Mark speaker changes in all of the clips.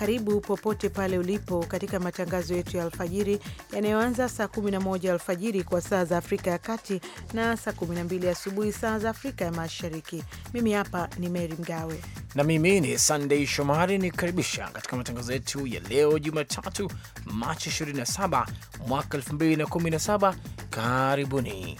Speaker 1: Karibu popote pale ulipo katika matangazo yetu ya alfajiri yanayoanza saa 11 alfajiri kwa saa za Afrika ya Kati na saa 12 asubuhi saa za Afrika ya Mashariki. Mimi hapa ni Mary Mgawe
Speaker 2: na mimi ni Sandei Shomari ni kukaribisha katika matangazo yetu ya leo Jumatatu, Machi 27 mwaka 2017. Karibuni.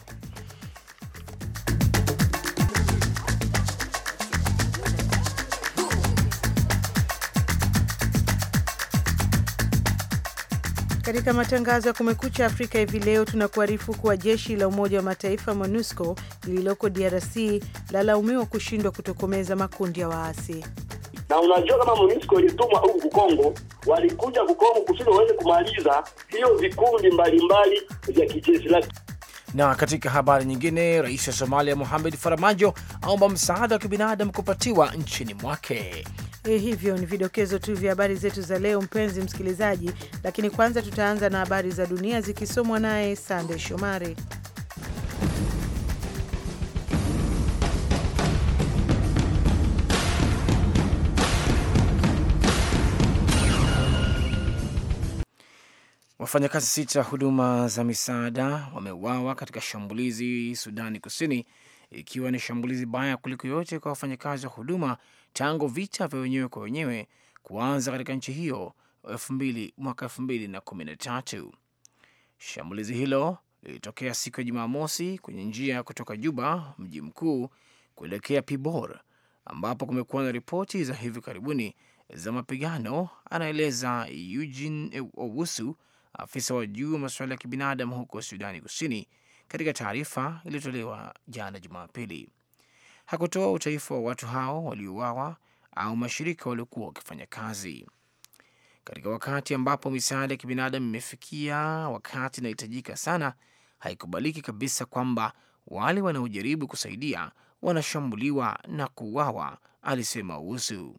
Speaker 1: Katika matangazo ya Kumekucha Afrika hivi leo, tunakuarifu kuwa jeshi la Umoja wa Mataifa MONUSCO lililoko DRC lalaumiwa kushindwa kutokomeza makundi ya waasi.
Speaker 3: Na unajua kama MONUSCO ilitumwa huku Kukongo, walikuja kukongo kusudi waweze kumaliza hiyo vikundi mbalimbali vya kijeshi
Speaker 2: na katika habari nyingine, rais wa Somalia Mohamed Faramajo aomba msaada wa kibinadamu kupatiwa nchini mwake.
Speaker 1: Eh, hivyo ni vidokezo tu vya habari zetu za leo, mpenzi msikilizaji, lakini kwanza tutaanza na habari za dunia zikisomwa naye Sande Shomari.
Speaker 2: Wafanyakazi sita huduma za misaada wameuawa katika shambulizi Sudani Kusini, ikiwa ni shambulizi baya kuliko yote kwa wafanyakazi wa huduma tangu vita vya wenyewe kwa wenyewe kuanza katika nchi hiyo mwaka elfu mbili na kumi na tatu. Shambulizi hilo lilitokea siku ya Jumamosi kwenye njia kutoka Juba, mji mkuu, kuelekea Pibor, ambapo kumekuwa na ripoti za hivi karibuni za mapigano, anaeleza Eugene Owusu, afisa wa juu wa masuala ya kibinadamu huko Sudani Kusini, katika taarifa iliyotolewa jana Jumapili hakutoa utaifa wa watu hao waliouawa au mashirika waliokuwa wakifanya kazi. Katika wakati ambapo misaada ya kibinadamu imefikia wakati inahitajika sana, haikubaliki kabisa kwamba wale wanaojaribu kusaidia wanashambuliwa na kuuawa, alisema Usu.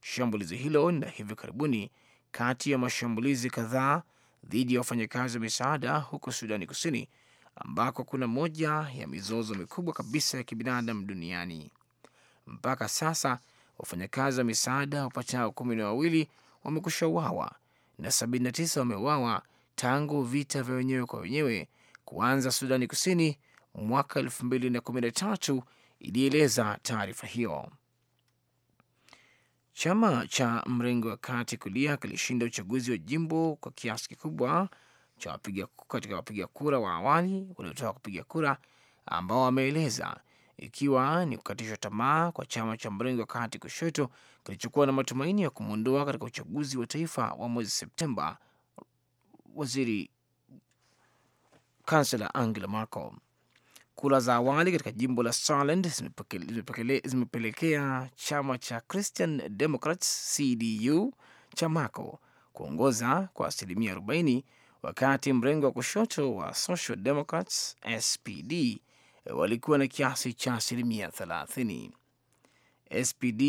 Speaker 2: Shambulizi hilo ni la hivi karibuni kati ya mashambulizi kadhaa dhidi ya wafanyakazi wa misaada huko Sudani Kusini ambako kuna moja ya mizozo mikubwa kabisa ya kibinadamu duniani. Mpaka sasa wafanyakazi wa misaada wapatao kumi na wawili wamekusha uawa na tisa wameuawa tangu vita vya wenyewe kwa wenyewe kuanza Sudani Kusini mwaka tatu, ilieleza taarifa hiyo. Chama cha mrengo wa kati kulia kilishinda uchaguzi wa jimbo kwa kiasi kikubwa cha wapiga katika wapiga kura wa awali waliotoka kupiga kura ambao wameeleza ikiwa ni kukatishwa tamaa kwa chama cha mrengo wa kati kushoto kilichokuwa na matumaini ya kumwondoa katika uchaguzi wa taifa wa mwezi Septemba waziri kansela Angela Merkel. Kura za awali katika jimbo la Saarland zimepelekea chama cha Christian Democrats CDU cha Merkel kuongoza kwa asilimia wakati mrengo wa kushoto wa Social Democrats SPD walikuwa na kiasi cha asilimia 30. SPD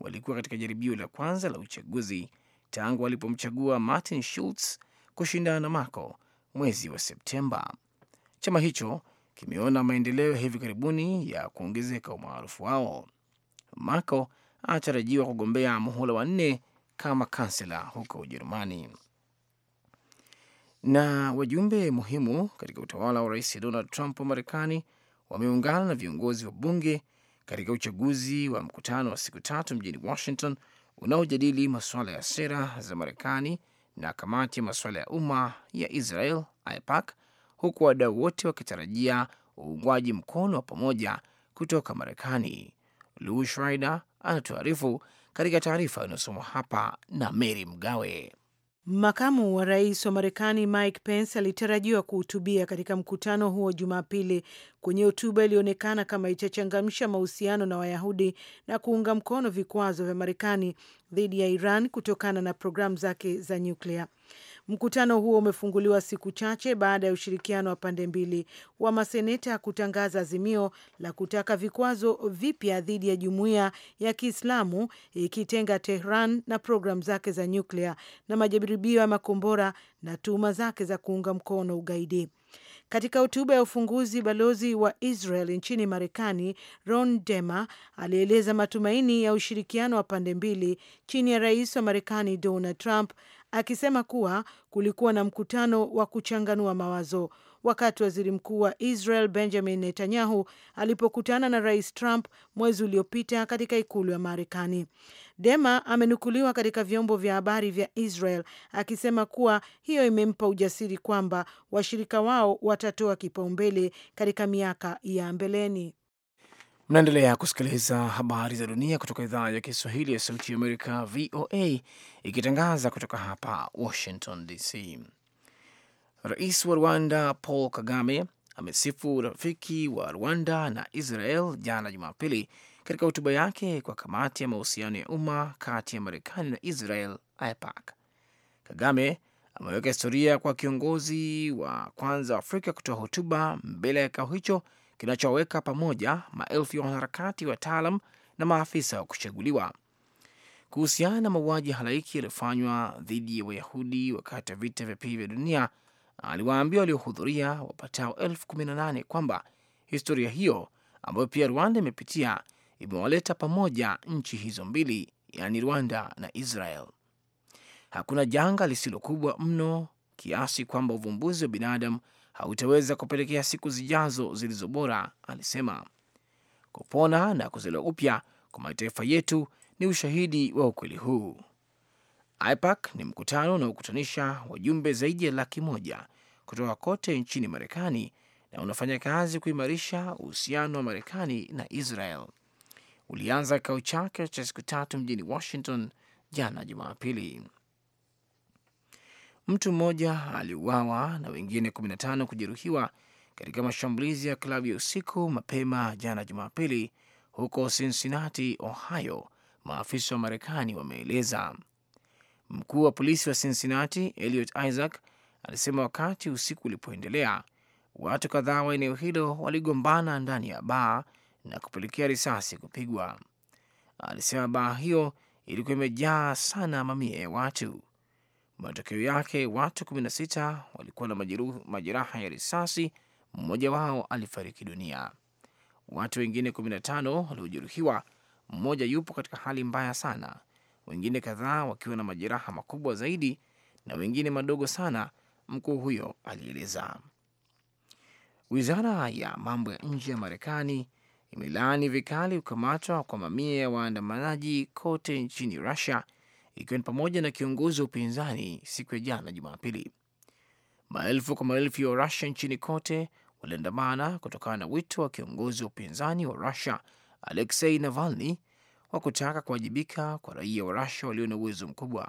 Speaker 2: walikuwa katika jaribio la kwanza la uchaguzi tangu walipomchagua Martin Schulz kushindana na Merkel mwezi wa Septemba. Chama hicho kimeona maendeleo ya hivi karibuni ya kuongezeka umaarufu wao. Merkel anatarajiwa kugombea muhula wa nne kama kansela huko Ujerumani na wajumbe muhimu katika utawala wa Rais Donald Trump wa Marekani wameungana na viongozi wa bunge katika uchaguzi wa mkutano wa siku tatu mjini Washington unaojadili masuala ya sera za Marekani na kamati ya masuala ya umma ya Israel AIPAC, huku wadau wote wakitarajia uungwaji mkono wa pamoja kutoka Marekani. Lou Schreider anatuarifu katika taarifa inayosomwa hapa na
Speaker 1: Mary Mgawe. Makamu wa rais wa Marekani Mike Pence alitarajiwa kuhutubia katika mkutano huo Jumapili kwenye hotuba ilionekana kama itachangamsha mahusiano na Wayahudi na kuunga mkono vikwazo vya Marekani dhidi ya Iran kutokana na programu zake za nyuklia. Mkutano huo umefunguliwa siku chache baada ya ushirikiano wa pande mbili wa maseneta kutangaza azimio la kutaka vikwazo vipya dhidi ya jumuiya ya Kiislamu ikitenga Tehran na programu zake za nyuklia na majaribio ya makombora na tuhuma zake za kuunga mkono ugaidi. Katika hotuba ya ufunguzi, balozi wa Israel nchini Marekani Ron Dema alieleza matumaini ya ushirikiano wa pande mbili chini ya rais wa Marekani Donald Trump akisema kuwa kulikuwa na mkutano wa kuchanganua mawazo wakati waziri mkuu wa Israel Benjamin Netanyahu alipokutana na rais Trump mwezi uliopita katika ikulu ya Marekani. Dema amenukuliwa katika vyombo vya habari vya Israel akisema kuwa hiyo imempa ujasiri kwamba washirika wao watatoa kipaumbele katika miaka ya mbeleni.
Speaker 2: Mnaendelea kusikiliza habari za dunia kutoka idhaa ya Kiswahili ya Sauti ya Amerika, VOA, ikitangaza kutoka hapa Washington DC. Rais wa Rwanda Paul Kagame amesifu urafiki wa Rwanda na Israel jana Jumapili katika hotuba yake kwa kamati ya mahusiano ya umma kati ya Marekani na Israel, AIPAC. Kagame ameweka historia kwa kiongozi wa kwanza Afrika kutoa hotuba mbele ya kikao hicho kinachoweka pamoja maelfu ya wanaharakati, wataalam na maafisa wa kuchaguliwa kuhusiana na mauaji halaiki yaliyofanywa dhidi ya Wayahudi wakati wa vita vya pili vya dunia. Aliwaambia waliohudhuria wapatao elfu kumi na nane kwamba historia hiyo ambayo pia Rwanda imepitia imewaleta pamoja nchi hizo mbili, yaani Rwanda na Israel. Hakuna janga lisilokubwa mno kiasi kwamba uvumbuzi wa binadamu hautaweza kupelekea siku zijazo zilizo bora, alisema. Kupona na kuzaliwa upya kwa mataifa yetu ni ushahidi wa ukweli huu. AIPAC ni mkutano unaokutanisha wajumbe zaidi ya laki moja kutoka kote nchini Marekani na unafanya kazi kuimarisha uhusiano wa Marekani na Israel. Ulianza kikao chake cha siku tatu mjini Washington jana Jumapili. Mtu mmoja aliuawa na wengine 15 kujeruhiwa katika mashambulizi ya klabu ya usiku mapema jana Jumapili huko Cincinnati, Ohio, maafisa wa Marekani wameeleza. Mkuu wa polisi wa Cincinnati Elliot Isaac alisema wakati usiku ulipoendelea, watu kadhaa wa eneo hilo waligombana ndani ya baa na kupelekea risasi kupigwa. Alisema baa hiyo ilikuwa imejaa sana mamia ya watu. Matokeo yake watu 16 walikuwa na majeraha ya risasi, mmoja wao alifariki dunia. Watu wengine 15 waliojeruhiwa, mmoja yupo katika hali mbaya sana, wengine kadhaa wakiwa na majeraha makubwa zaidi na wengine madogo sana, mkuu huyo alieleza. Wizara ya mambo ya nje ya Marekani imelaani vikali kukamatwa kwa mamia ya waandamanaji kote nchini Rusia ikiwa ni pamoja na kiongozi wa upinzani siku ya jana Jumapili. Maelfu kwa maelfu ya Warusia nchini kote waliandamana kutokana na wito wa kiongozi wa upinzani wa Rusia Aleksei Navalny wa kutaka kuwajibika kwa raia wa Rusia walio na uwezo mkubwa.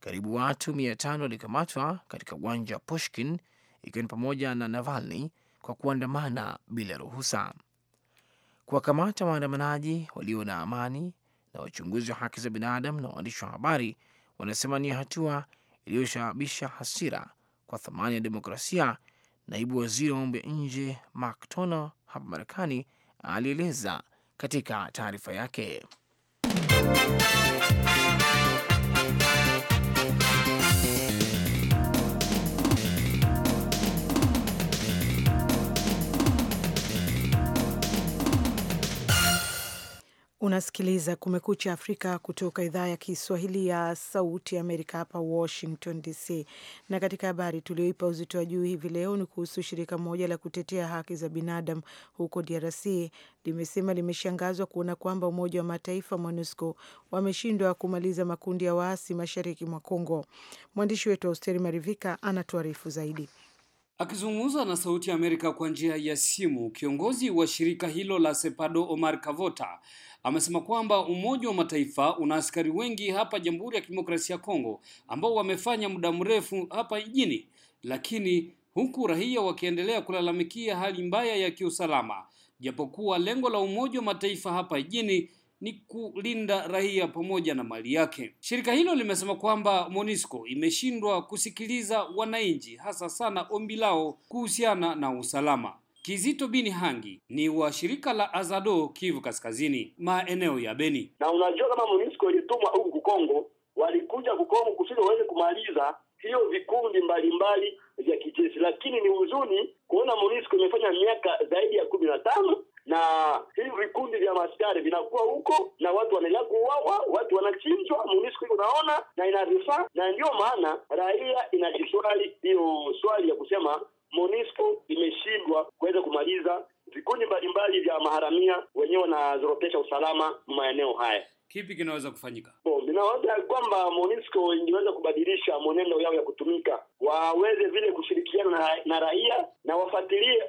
Speaker 2: Karibu watu mia tano walikamatwa katika uwanja wa Pushkin, ikiwa ni pamoja na Navalny kwa kuandamana bila ruhusa. Kuwakamata waandamanaji walio na amani na wachunguzi wa haki za binadamu na waandishi wa habari wanasema ni hatua iliyosababisha hasira kwa thamani ya demokrasia. Naibu waziri wa mambo ya nje Mark Toner hapa Marekani alieleza katika taarifa yake.
Speaker 1: Unasikiliza Kumekucha Afrika kutoka idhaa ya Kiswahili ya Sauti ya Amerika, hapa Washington DC. Na katika habari tulioipa uzito wa juu hivi leo ni kuhusu shirika moja la kutetea haki za binadamu huko DRC limesema limeshangazwa kuona kwamba Umoja wa Mataifa, MONUSCO, wameshindwa kumaliza makundi ya waasi mashariki mwa congo Mwandishi wetu Austeri Marivika anatuarifu zaidi.
Speaker 4: Akizungumza na Sauti ya Amerika kwa njia ya simu, kiongozi wa shirika hilo la Sepado Omar Kavota amesema kwamba Umoja wa Mataifa una askari wengi hapa Jamhuri ya Kidemokrasia ya Kongo ambao wamefanya muda mrefu hapa jijini, lakini huku raia wakiendelea kulalamikia hali mbaya ya kiusalama, japokuwa lengo la Umoja wa Mataifa hapa jijini ni kulinda raia pamoja na mali yake. Shirika hilo limesema kwamba monisco imeshindwa kusikiliza wananchi, hasa sana ombi lao kuhusiana na usalama. Kizito Bini Hangi ni wa shirika la Azado Kivu Kaskazini, maeneo ya Beni.
Speaker 3: Na unajua kama Monisco ilitumwa huku Kongo, walikuja kukongo kusudi waweze kumaliza hiyo vikundi mbalimbali vya kijeshi, lakini ni huzuni kuona Monisco imefanya miaka zaidi ya kumi na tano na hivi vikundi vya maskari vinakuwa huko na watu wanaendelea kuuawa, watu wanachinjwa, MONUSCO iko naona na ina vifaa, na ndiyo maana raia inajiswali hiyo swali ya kusema MONUSCO imeshindwa kuweza kumaliza vikundi mbalimbali vya maharamia wenyewe wanazorotesha usalama maeneo
Speaker 4: haya. Kipi kinaweza kufanyika?
Speaker 3: Ninawaza kwamba MONUSCO ingeweza kubadilisha mwenendo yao ya kutumika, waweze vile kushirikiana na, na raia na wafuatilie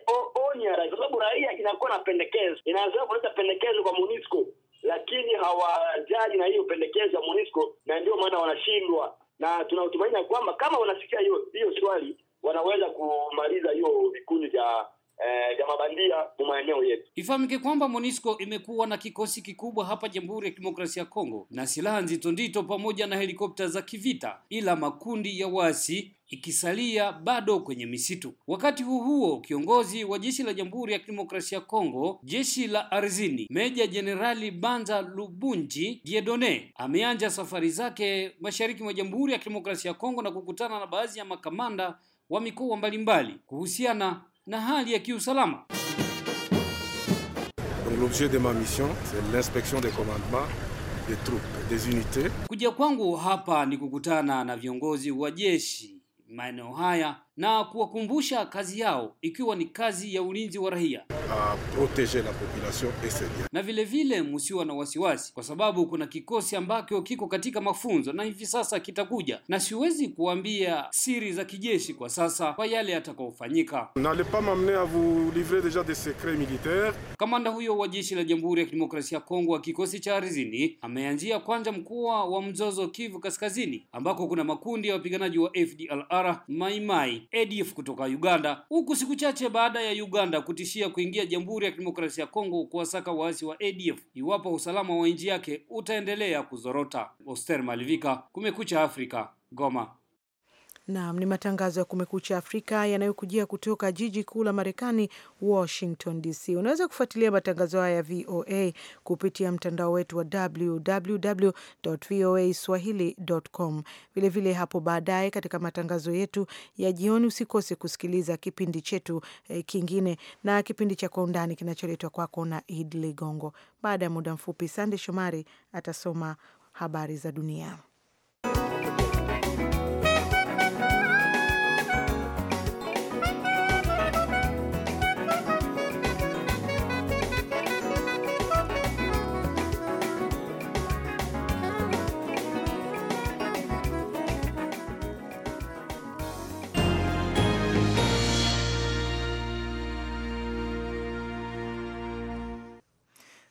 Speaker 3: oni ya raia, kwa sababu raia inakuwa na pendekezo, inaweza kuleta pendekezo kwa MONUSCO lakini hawajali na hiyo pendekezo ya MONUSCO na ndio maana wanashindwa, na tunatumaini kwamba kama wanasikia hiyo hiyo swali wanaweza kumaliza hiyo vikundi vya eh, ya mabandia kumaeneo maeneo yetu.
Speaker 4: Ifahamike kwamba MONUSCO imekuwa na kikosi kikubwa hapa Jamhuri ya Kidemokrasia ya Kongo na silaha nzito nzito pamoja na helikopta za kivita, ila makundi ya wasi ikisalia bado kwenye misitu. Wakati huu huo, kiongozi wa jeshi la Jamhuri ya Kidemokrasia ya Kongo, jeshi la ardhini, Meja Jenerali Banza Lubunji Diedone ameanza safari zake mashariki mwa Jamhuri ya Kidemokrasia ya Kongo na kukutana na baadhi ya makamanda wa mikoa mbalimbali kuhusiana na hali ya kiusalama.
Speaker 2: L'objet de ma mission
Speaker 4: c'est l'inspection des commandements des troupes des unités. Kuja kwangu hapa ni kukutana na viongozi wa jeshi maeneo haya na kuwakumbusha kazi yao ikiwa ni kazi ya ulinzi wa raia la population na vile vile, msiwa na wasiwasi, kwa sababu kuna kikosi ambacho kiko katika mafunzo na hivi sasa kitakuja, na siwezi kuambia siri za kijeshi kwa sasa kwa yale yatakayofanyika. Kamanda huyo wa jeshi la Jamhuri ya Kidemokrasia ya Kongo wa kikosi cha arizini ameanzia kwanza mkoa wa mzozo Kivu Kaskazini, ambako kuna makundi ya wapiganaji wa FDLR Maimai ADF kutoka Uganda, huku siku chache baada ya Uganda kutishia kuingia Jamhuri ya Kidemokrasia ya Kongo kuwasaka waasi wa ADF iwapo usalama wa nchi yake utaendelea kuzorota. Oster Malivika, Kumekucha Afrika, Goma.
Speaker 1: Naam, ni matangazo ya Kumekucha Afrika yanayokujia kutoka jiji kuu la Marekani, Washington DC. Unaweza kufuatilia matangazo haya ya VOA kupitia mtandao wetu wa www voa swahili.com. Vilevile hapo baadaye katika matangazo yetu ya jioni, usikose kusikiliza kipindi chetu eh, kingine na kipindi cha Kwa Undani kinacholetwa kwako na Id Ligongo. Baada ya muda mfupi, Sande Shomari atasoma habari za dunia.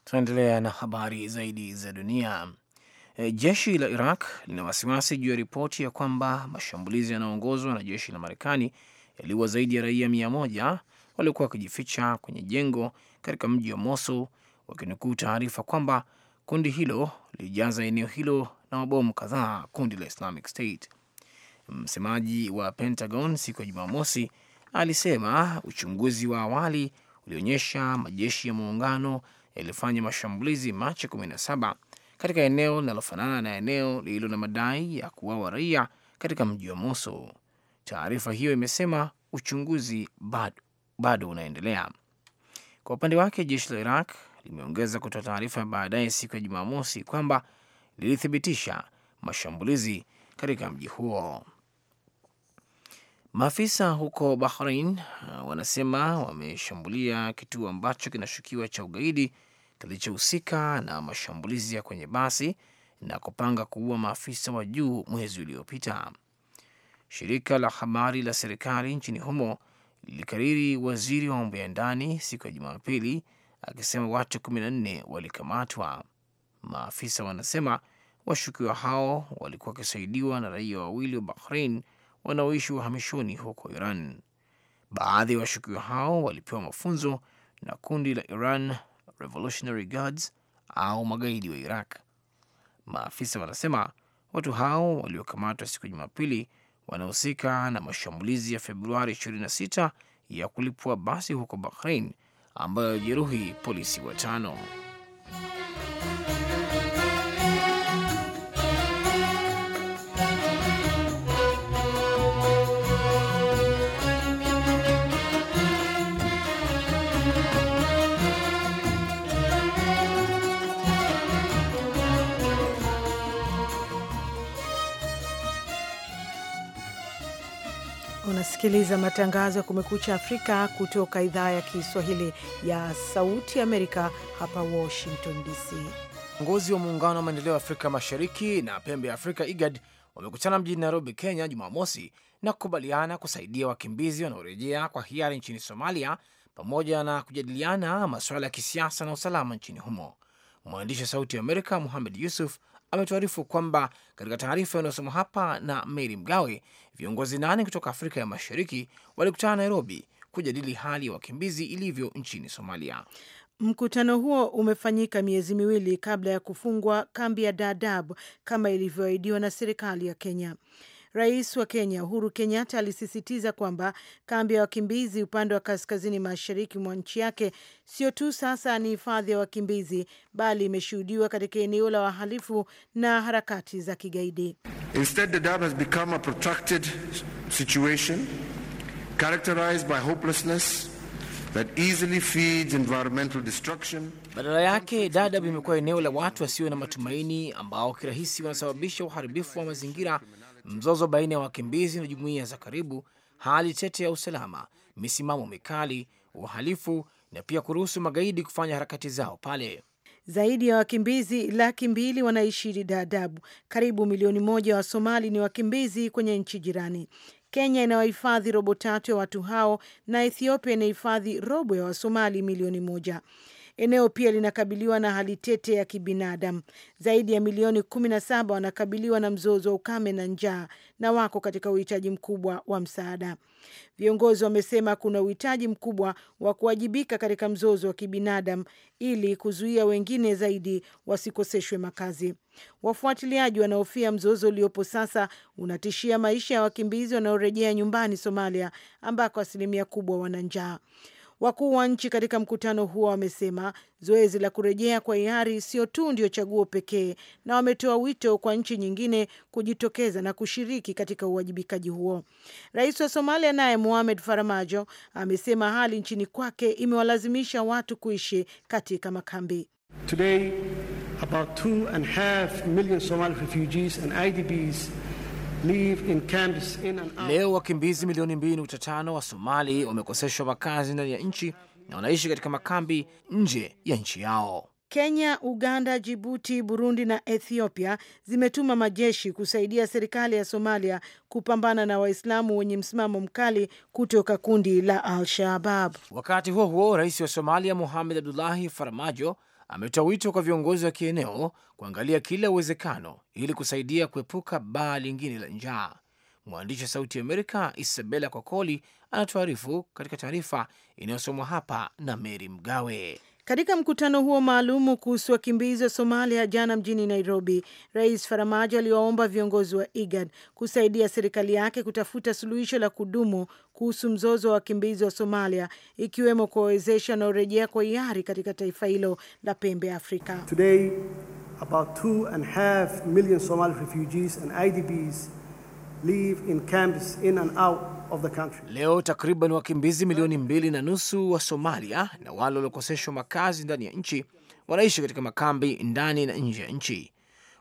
Speaker 2: Tunaendelea na habari zaidi za dunia. E, jeshi la Iraq lina wasiwasi juu ya ripoti ya kwamba mashambulizi yanayoongozwa na jeshi la Marekani yaliua zaidi ya raia mia moja waliokuwa wakijificha kwenye jengo katika mji wa Mosul, wakinukuu taarifa kwamba kundi hilo lilijaza eneo hilo na mabomu kadhaa, kundi la Islamic State. Msemaji wa Pentagon siku ya Jumamosi alisema uchunguzi wa awali ulionyesha majeshi ya muungano ilifanya mashambulizi Machi 17 katika eneo linalofanana na eneo lililo na madai ya kuwawa raia katika mji wa Mosul. Taarifa hiyo imesema uchunguzi bado, bado unaendelea. Kwa upande wake, jeshi la Iraq limeongeza kutoa taarifa baadaye siku ya Jumamosi kwamba lilithibitisha mashambulizi katika mji huo. Maafisa huko Bahrain uh, wanasema wameshambulia kituo ambacho kinashukiwa cha ugaidi kilichohusika na mashambulizi ya kwenye basi na kupanga kuua maafisa wa juu mwezi uliopita. Shirika la habari la serikali nchini humo lilikariri waziri wa mambo ya ndani siku ya Jumapili akisema watu 14 walikamatwa. Maafisa wanasema washukiwa hao walikuwa wakisaidiwa na raia wawili wa Bahrain wanaoishi uhamishoni huko Iran. Baadhi ya washukiwa hao walipewa mafunzo na kundi la Iran Revolutionary Guards au magaidi wa Iraq. Maafisa wanasema watu hao waliokamatwa siku ya Jumapili wanahusika na mashambulizi ya Februari 26 ya kulipua basi huko Bahrain ambayo jeruhi polisi watano.
Speaker 1: unasikiliza matangazo ya Kumekucha Afrika kutoka idhaa ya Kiswahili ya Sauti Amerika, hapa Washington DC.
Speaker 2: Viongozi wa Muungano wa Maendeleo ya Afrika Mashariki na Pembe ya Afrika, IGAD, wamekutana mjini Nairobi, Kenya, Jumamosi na kukubaliana kusaidia wakimbizi wanaorejea kwa hiari nchini Somalia, pamoja na kujadiliana masuala ya kisiasa na usalama nchini humo. Mwandishi wa Sauti ya Amerika, Muhamed Yusuf, ametuarifu kwamba katika taarifa inayosoma hapa na Meri Mgawe, viongozi nane kutoka Afrika ya Mashariki walikutana Nairobi kujadili hali ya wakimbizi ilivyo nchini Somalia.
Speaker 1: Mkutano huo umefanyika miezi miwili kabla ya kufungwa kambi ya Dadaab kama ilivyoahidiwa na serikali ya Kenya. Rais wa Kenya Uhuru Kenyatta alisisitiza kwamba kambi ya wakimbizi upande wa kaskazini mashariki mwa nchi yake sio tu sasa ni hifadhi ya wakimbizi, bali imeshuhudiwa katika eneo la wahalifu na harakati za kigaidi.
Speaker 5: Instead, the Dam has become a protracted situation characterized by hopelessness
Speaker 2: that easily feeds environmental destruction. Badala yake Dadaab imekuwa eneo la watu wasio na matumaini ambao kirahisi wanasababisha uharibifu wa mazingira mzozo baina ya wakimbizi na jumuiya za karibu, hali tete ya usalama, misimamo mikali, uhalifu na pia kuruhusu magaidi kufanya harakati zao pale.
Speaker 1: Zaidi ya wakimbizi laki mbili wanaishi Dadaab. Karibu milioni moja wa Somali ni wakimbizi kwenye nchi jirani. Kenya inawahifadhi robo tatu ya watu hao na Ethiopia inahifadhi robo ya Wasomali milioni moja. Eneo pia linakabiliwa na hali tete ya kibinadamu. Zaidi ya milioni kumi na saba wanakabiliwa na mzozo wa ukame na njaa na wako katika uhitaji mkubwa wa msaada. Viongozi wamesema kuna uhitaji mkubwa wa kuwajibika katika mzozo wa kibinadamu ili kuzuia wengine zaidi wasikoseshwe makazi. Wafuatiliaji wanahofia mzozo uliopo sasa unatishia maisha ya wakimbizi wanaorejea nyumbani Somalia, ambako asilimia kubwa wana njaa. Wakuu wa nchi katika mkutano huo wamesema zoezi la kurejea kwa hiari sio tu ndio chaguo pekee, na wametoa wito kwa nchi nyingine kujitokeza na kushiriki katika uwajibikaji huo. Rais wa Somalia naye Mohamed Faramajo amesema hali nchini kwake imewalazimisha watu kuishi katika makambi.
Speaker 3: Today, about two and half million Somali refugees and IDPs
Speaker 2: Leo wakimbizi milioni 2.5 wa Somali wamekoseshwa makazi ndani ya nchi na wanaishi katika makambi nje ya nchi yao.
Speaker 1: Kenya, Uganda, Jibuti, Burundi na Ethiopia zimetuma majeshi kusaidia serikali ya Somalia kupambana na Waislamu wenye msimamo mkali kutoka kundi la al shabab
Speaker 2: Wakati huo huo, rais wa Somalia Muhamed Abdullahi Farmajo ametoa wito kwa viongozi wa kieneo kuangalia kila uwezekano ili kusaidia kuepuka baa lingine la njaa. Mwandishi wa Sauti ya Amerika Isabela Kokoli anatuarifu katika taarifa inayosomwa hapa na Meri Mgawe.
Speaker 1: Katika mkutano huo maalumu kuhusu wakimbizi wa Somalia jana mjini Nairobi, Rais Faramajo aliwaomba viongozi wa IGAD kusaidia serikali yake kutafuta suluhisho la kudumu kuhusu mzozo wa wakimbizi wa Somalia, ikiwemo kuwawezesha wanaorejea kwa hiari katika taifa hilo la pembe Afrika.
Speaker 3: Today, about two and a half million Somali refugees and IDPs
Speaker 2: live in camps in and out of the country. Leo takriban wakimbizi milioni mbili na nusu wa Somalia na wale waliokoseshwa makazi ndani ya nchi wanaishi katika makambi ndani na nje ya nchi.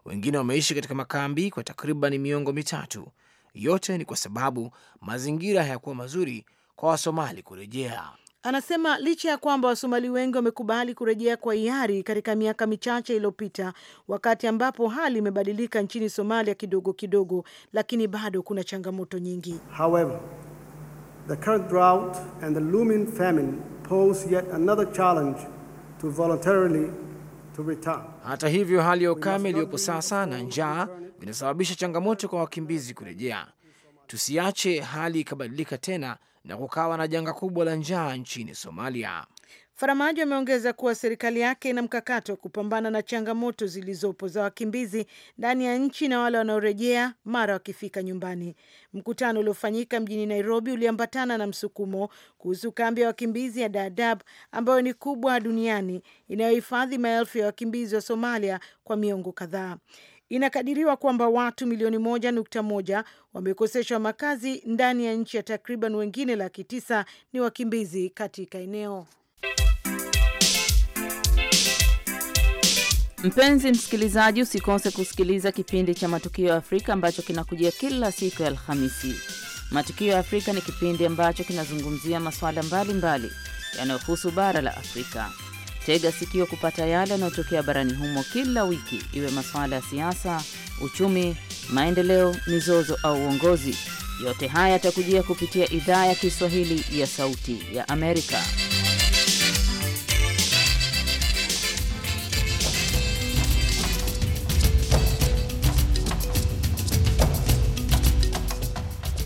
Speaker 2: Wengine wameishi katika makambi kwa takriban miongo mitatu. Yote ni kwa sababu mazingira hayakuwa mazuri kwa Wasomali kurejea.
Speaker 1: Anasema licha ya kwamba Wasomali wengi wamekubali kurejea kwa hiari katika miaka michache iliyopita, wakati ambapo hali imebadilika nchini Somalia kidogo kidogo, lakini bado kuna changamoto nyingi. However,
Speaker 2: the current drought and the looming famine pose yet another challenge to voluntarily to return. Hata hivyo, hali ya ukame iliyopo sasa na njaa vinasababisha changamoto kwa wakimbizi kurejea. Tusiache hali ikabadilika tena na kukawa na janga kubwa la njaa nchini Somalia.
Speaker 1: Faramajo ameongeza kuwa serikali yake ina mkakati wa kupambana na changamoto zilizopo za wakimbizi ndani ya nchi na wale wanaorejea mara wakifika nyumbani. Mkutano uliofanyika mjini Nairobi uliambatana na msukumo kuhusu kambi ya wakimbizi ya Dadaab ambayo ni kubwa duniani inayohifadhi maelfu ya wakimbizi wa Somalia kwa miongo kadhaa. Inakadiriwa kwamba watu milioni moja nukta moja wamekoseshwa makazi ndani ya nchi ya takriban wengine laki tisa ni wakimbizi katika eneo. Mpenzi msikilizaji, usikose kusikiliza kipindi cha Matukio ya Afrika ambacho kinakujia kila siku ya Alhamisi. Matukio ya Afrika ni kipindi ambacho kinazungumzia masuala mbalimbali yanayohusu bara la Afrika. Tega sikio kupata yale yanayotokea barani humo kila wiki, iwe masuala ya siasa, uchumi, maendeleo, mizozo au uongozi. Yote haya yatakujia kupitia idhaa ya Kiswahili ya Sauti ya Amerika.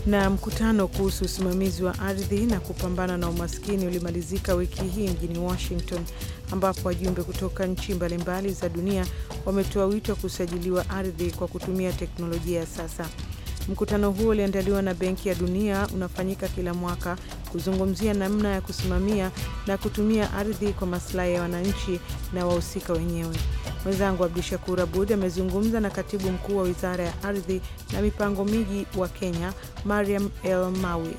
Speaker 1: Na mkutano kuhusu usimamizi wa ardhi na kupambana na umaskini ulimalizika wiki hii mjini Washington ambapo wajumbe kutoka nchi mbalimbali za dunia wametoa wito wa kusajiliwa ardhi kwa kutumia teknolojia ya sasa. Mkutano huo uliandaliwa na Benki ya Dunia, unafanyika kila mwaka kuzungumzia namna ya kusimamia na kutumia ardhi kwa maslahi ya wananchi na wahusika wenyewe. Mwenzangu Abdu Shakur Abud amezungumza na katibu mkuu wa wizara ya ardhi na mipango miji wa Kenya, Mariam El Mawi.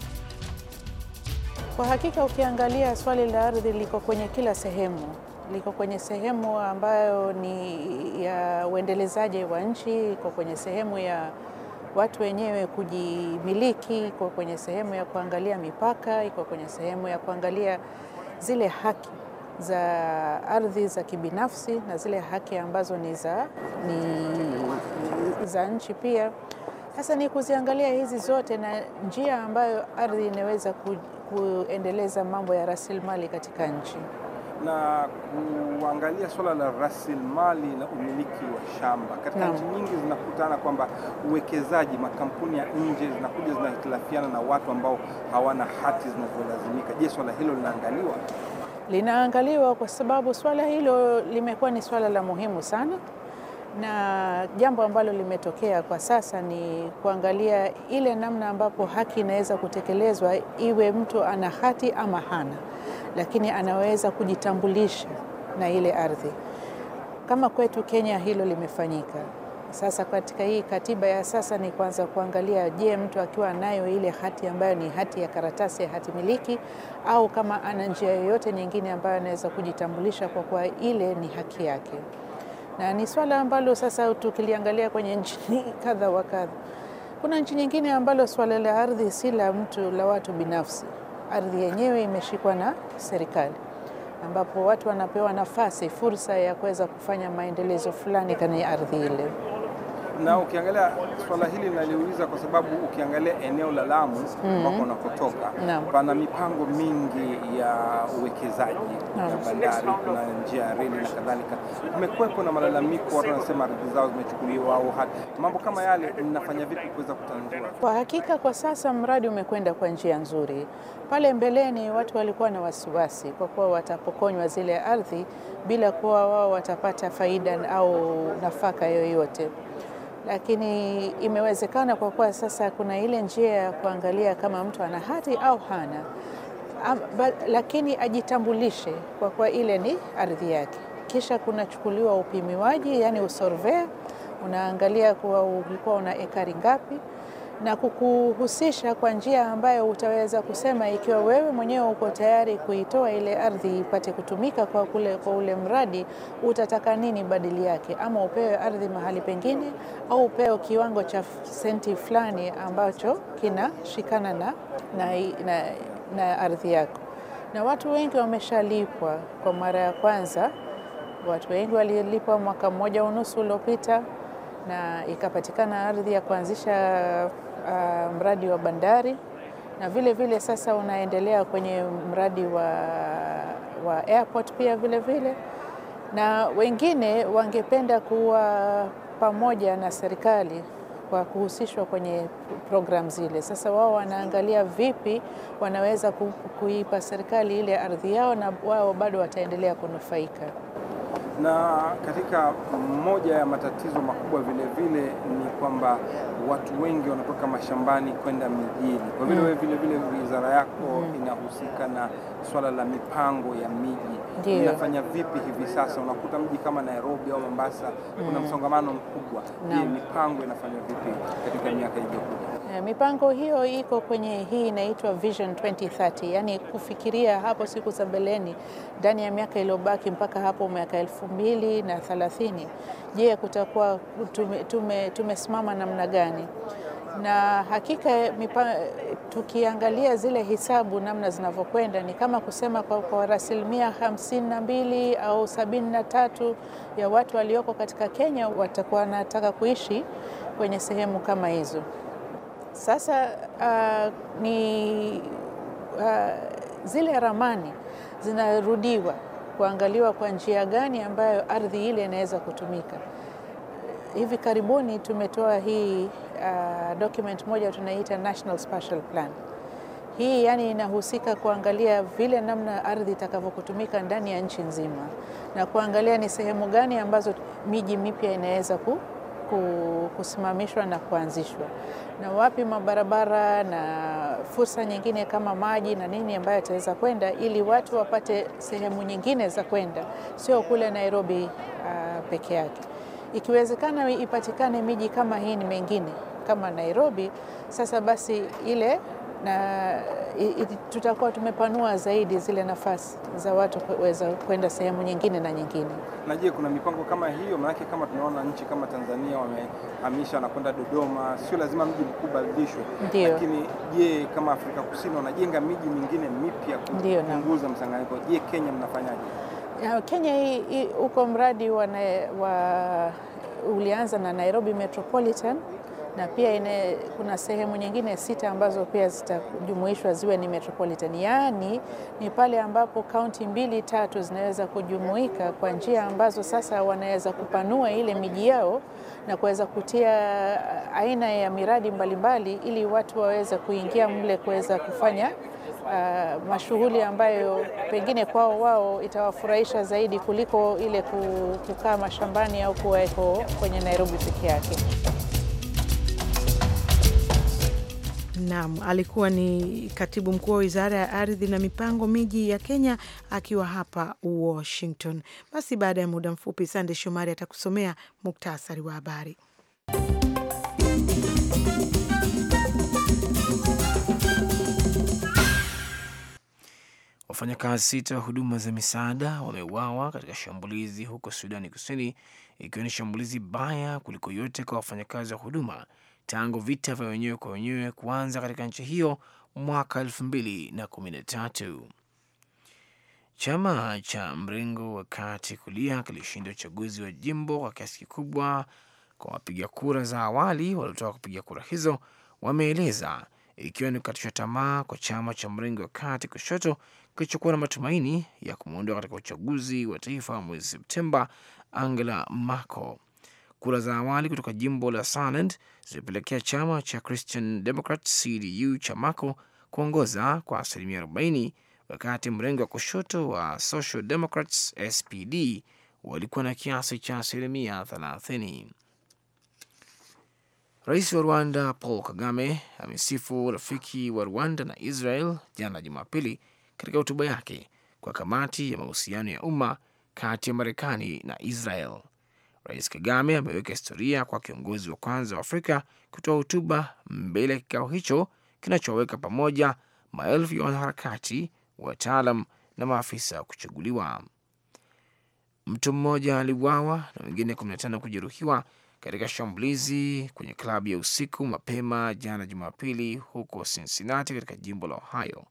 Speaker 1: Kwa hakika
Speaker 6: ukiangalia swali la ardhi liko kwenye kila sehemu, liko kwenye sehemu ambayo ni ya uendelezaji wa nchi, iko kwenye sehemu ya watu wenyewe kujimiliki, iko kwenye sehemu ya kuangalia mipaka, iko kwenye sehemu ya kuangalia zile haki za ardhi za kibinafsi na zile haki ambazo ni za, ni za nchi pia. Sasa ni kuziangalia hizi zote na njia ambayo ardhi inaweza kuendeleza mambo ya rasilimali katika nchi
Speaker 5: na kuangalia swala la rasilimali na umiliki wa shamba katika nchi nyingi zinakutana kwamba uwekezaji, makampuni ya nje zinakuja zinahitilafiana na watu ambao hawana hati zinazolazimika. Je, swala hilo linaangaliwa?
Speaker 6: Linaangaliwa kwa sababu swala hilo limekuwa ni swala la muhimu sana na jambo ambalo limetokea kwa sasa ni kuangalia ile namna ambapo haki inaweza kutekelezwa, iwe mtu ana hati ama hana, lakini anaweza kujitambulisha na ile ardhi. Kama kwetu Kenya hilo limefanyika. Sasa katika hii katiba ya sasa ni kwanza kuangalia, je, mtu akiwa nayo ile hati ambayo ni hati ya karatasi ya hati miliki, au kama ana njia yoyote nyingine ambayo anaweza kujitambulisha kwa kuwa ile ni haki yake na ni swala ambalo sasa tukiliangalia kwenye nchi kadha wa kadha. Kuna nchi nyingine ambalo swala la ardhi si la mtu, la watu binafsi. Ardhi yenyewe imeshikwa na serikali, ambapo watu wanapewa nafasi, fursa ya kuweza kufanya maendelezo fulani kwenye ardhi ile
Speaker 5: na ukiangalia swala hili naliuliza kwa sababu ukiangalia eneo la Lamu mm-hmm. ambako mm. unakotoka no. pana mipango mingi ya uwekezaji no. ya bandari, kuna njia ya reli na kadhalika. Kumekuwepo na malalamiko, watu wanasema ardhi zao zimechukuliwa au mambo kama yale. Mnafanya vipi kuweza kutanzua?
Speaker 6: Kwa hakika kwa sasa mradi umekwenda kwa njia nzuri. Pale mbeleni watu walikuwa na wasiwasi kwa kuwa watapokonywa zile ardhi bila kuwa wao watapata faida au nafaka yoyote lakini imewezekana kwa kuwa sasa kuna ile njia ya kuangalia kama mtu ana hati au hana Am, ba, lakini ajitambulishe kwa kuwa ile ni ardhi yake. Kisha kunachukuliwa upimiwaji, yani usorvea, unaangalia kuwa ulikuwa una ekari ngapi na kukuhusisha kwa njia ambayo utaweza kusema ikiwa wewe mwenyewe uko tayari kuitoa ile ardhi ipate kutumika kwa, kule, kwa ule mradi, utataka nini badili yake, ama upewe ardhi mahali pengine au upewe kiwango cha senti fulani ambacho kinashikana na, na, na, na ardhi yako. Na watu wengi wameshalipwa kwa mara ya kwanza. Watu wengi walilipwa mwaka mmoja unusu uliopita na ikapatikana ardhi ya kuanzisha uh, mradi wa bandari na vile vile sasa unaendelea kwenye mradi wa, wa airport pia vile vile, na wengine wangependa kuwa pamoja na serikali kwa kuhusishwa kwenye program zile. Sasa wao wanaangalia vipi wanaweza kuipa serikali ile ardhi yao na wao bado wataendelea kunufaika
Speaker 5: na katika moja ya matatizo makubwa vile vile ni kwamba watu wengi wanatoka mashambani kwenda mijini. Kwa vile mm. wewe vile vile wizara yako mm. inahusika na swala la mipango ya miji, inafanya vipi hivi sasa? Unakuta mji kama Nairobi au Mombasa kuna mm. msongamano mkubwa. Je, mipango inafanywa vipi katika miaka ijayo?
Speaker 6: Eh, mipango hiyo iko kwenye hii inaitwa Vision 2030, yani kufikiria hapo siku za mbeleni ndani ya miaka iliyobaki mpaka hapo miaka elfu mbili na thelathini. Je, kutakuwa tumesimama tume namna gani? Na hakika mipa, tukiangalia zile hisabu namna zinavyokwenda ni kama kusema kwa, kwa rasilimia hamsini na mbili au sabini na tatu ya watu walioko katika Kenya watakuwa wanataka kuishi kwenye sehemu kama hizo. Sasa uh, ni uh, zile ramani zinarudiwa kuangaliwa kwa njia gani ambayo ardhi ile inaweza kutumika. Hivi karibuni tumetoa hii uh, document moja tunaita National Spatial Plan. Hii yani inahusika kuangalia vile namna ardhi itakavyokutumika ndani ya nchi nzima na kuangalia ni sehemu gani ambazo miji mipya inaweza ku, ku, kusimamishwa na kuanzishwa na wapi mabarabara na fursa nyingine kama maji na nini ambayo ataweza kwenda ili watu wapate sehemu nyingine za kwenda, sio kule Nairobi uh, peke yake. Ikiwezekana ipatikane miji kama hii ni mengine kama Nairobi, sasa basi ile na tutakuwa tumepanua zaidi zile nafasi za watu kuweza kwenda sehemu nyingine na nyingine.
Speaker 5: Na je, kuna mipango kama hiyo? Maanake kama tunaona nchi kama Tanzania wamehamisha na kwenda Dodoma, sio lazima mji mkuu badilishwe, lakini je, kama Afrika Kusini wanajenga miji mingine mipya kupunguza msanganyiko, je, Kenya mnafanyaje?
Speaker 6: Kenya huko mradi wa, wa ulianza na Nairobi Metropolitan na pia ine, kuna sehemu nyingine sita ambazo pia zitajumuishwa ziwe ni metropolitan, yaani ni pale ambapo kaunti mbili tatu zinaweza kujumuika kwa njia ambazo sasa wanaweza kupanua ile miji yao na kuweza kutia aina ya miradi mbalimbali mbali, ili watu waweze kuingia mle kuweza kufanya Uh, mashughuli ambayo pengine kwao wao itawafurahisha zaidi kuliko ile kukaa mashambani au kuweko kwenye Nairobi peke yake.
Speaker 1: Naam, alikuwa ni katibu mkuu wa wizara ya ardhi na mipango miji ya Kenya akiwa hapa Washington. Basi baada ya muda mfupi, Sande Shomari atakusomea muktasari wa habari.
Speaker 2: Wafanyakazi sita wa huduma za misaada wameuawa katika shambulizi huko Sudani Kusini, ikiwa ni shambulizi baya kuliko yote kwa wafanyakazi wa huduma tangu vita vya wenyewe kwa wenyewe kuanza katika nchi hiyo mwaka tatu Chama cha mrengo wa kati kulia kilishinda uchaguzi wa jimbo kwa kiasi kikubwa, kwa wapiga kura za awali waliotoka kupiga kura hizo wameeleza, ikiwa ni kukatisha tamaa kwa chama cha mrengo wa kati kushoto kilichokuwa na matumaini ya kumwondoa katika uchaguzi wa taifa mwezi Septemba Angela Merkel Kura za awali kutoka jimbo la Sunderland zilipelekea chama cha Christian Democrat CDU cha Mako kuongoza kwa asilimia 40, wakati mrengo wa kushoto wa Social Democrats SPD walikuwa na kiasi cha asilimia 30. Rais wa Rwanda Paul Kagame amesifu rafiki wa Rwanda na Israel jana Jumapili katika hotuba yake kwa kamati ya mahusiano ya umma kati ya Marekani na Israel. Rais Kagame ameweka historia kwa kiongozi wa kwanza wa Afrika kutoa hotuba mbele ya kikao hicho kinachoweka pamoja maelfu ya wanaharakati, wataalam na maafisa wa kuchaguliwa. Mtu mmoja aliuawa na wengine 15 kujeruhiwa katika shambulizi kwenye klabu ya usiku mapema jana Jumapili huko Cincinnati katika jimbo la Ohio,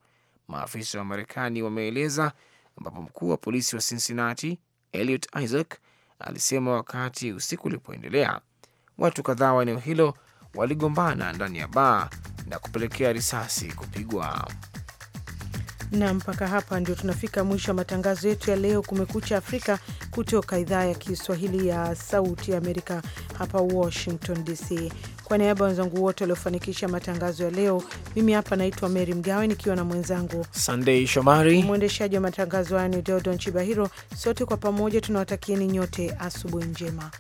Speaker 2: maafisa wa Marekani wameeleza, ambapo mkuu wa polisi wa Cincinnati Elliot Isaac alisema wakati usiku ulipoendelea, watu kadhaa wa eneo hilo waligombana ndani ya baa na kupelekea risasi kupigwa.
Speaker 1: Na mpaka hapa ndio tunafika mwisho wa matangazo yetu ya leo, Kumekucha Afrika, kutoka idhaa ya Kiswahili ya Sauti ya Amerika hapa Washington DC. Kwa niaba ya wenzangu wote waliofanikisha matangazo ya leo, mimi hapa naitwa Mary Mgawe nikiwa na mwenzangu
Speaker 2: Sandei Shomari,
Speaker 1: mwendeshaji wa matangazo haya ni Deodon Chibahiro. Sote kwa pamoja tunawatakieni nyote asubuhi njema.